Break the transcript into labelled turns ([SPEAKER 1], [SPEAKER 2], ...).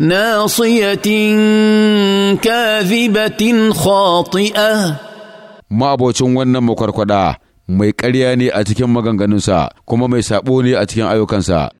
[SPEAKER 1] ناصية كاذبة خاطئة ما abocin wannan makwarkwada mai ƙarya ne a cikin maganganunsa
[SPEAKER 2] kuma mai saɓo ne a cikin ayyukansa